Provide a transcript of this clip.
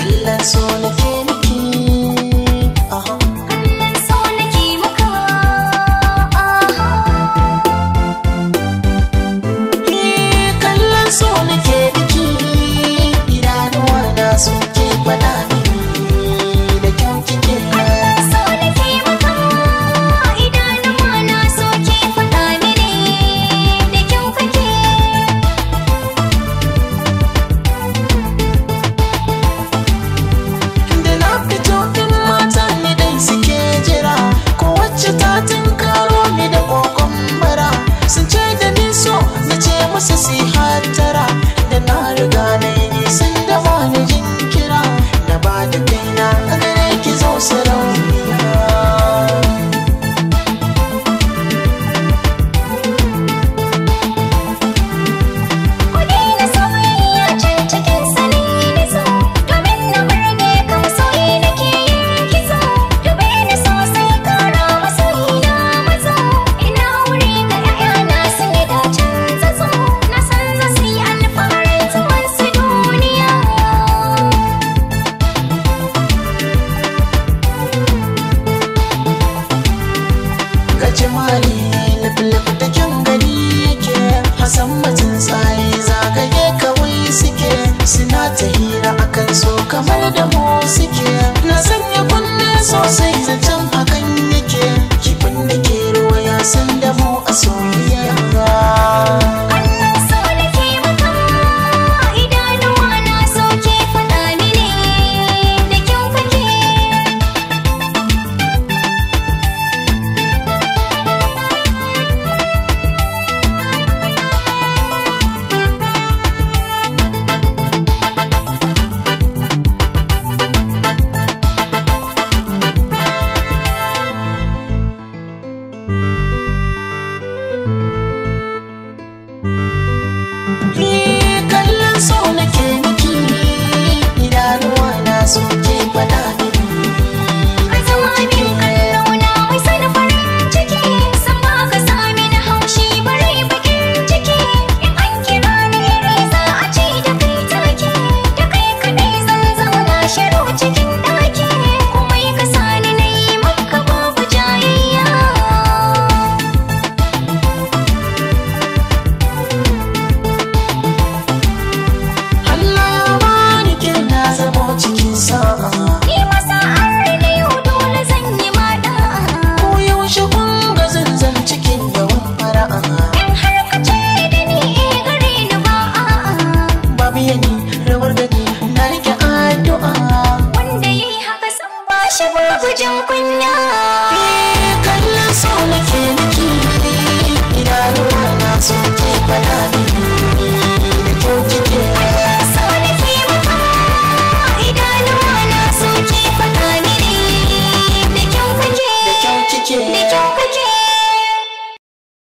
Allah so nake miki kamar da mu na sanya kunne sosai zancen hakan yake kifin da ke ruwa ya san da mu a soyayya Ni kallon so nake miki idanuwa na so ke faɗa wajen kunya eh, kallon so nake nake idanuwa na suke fada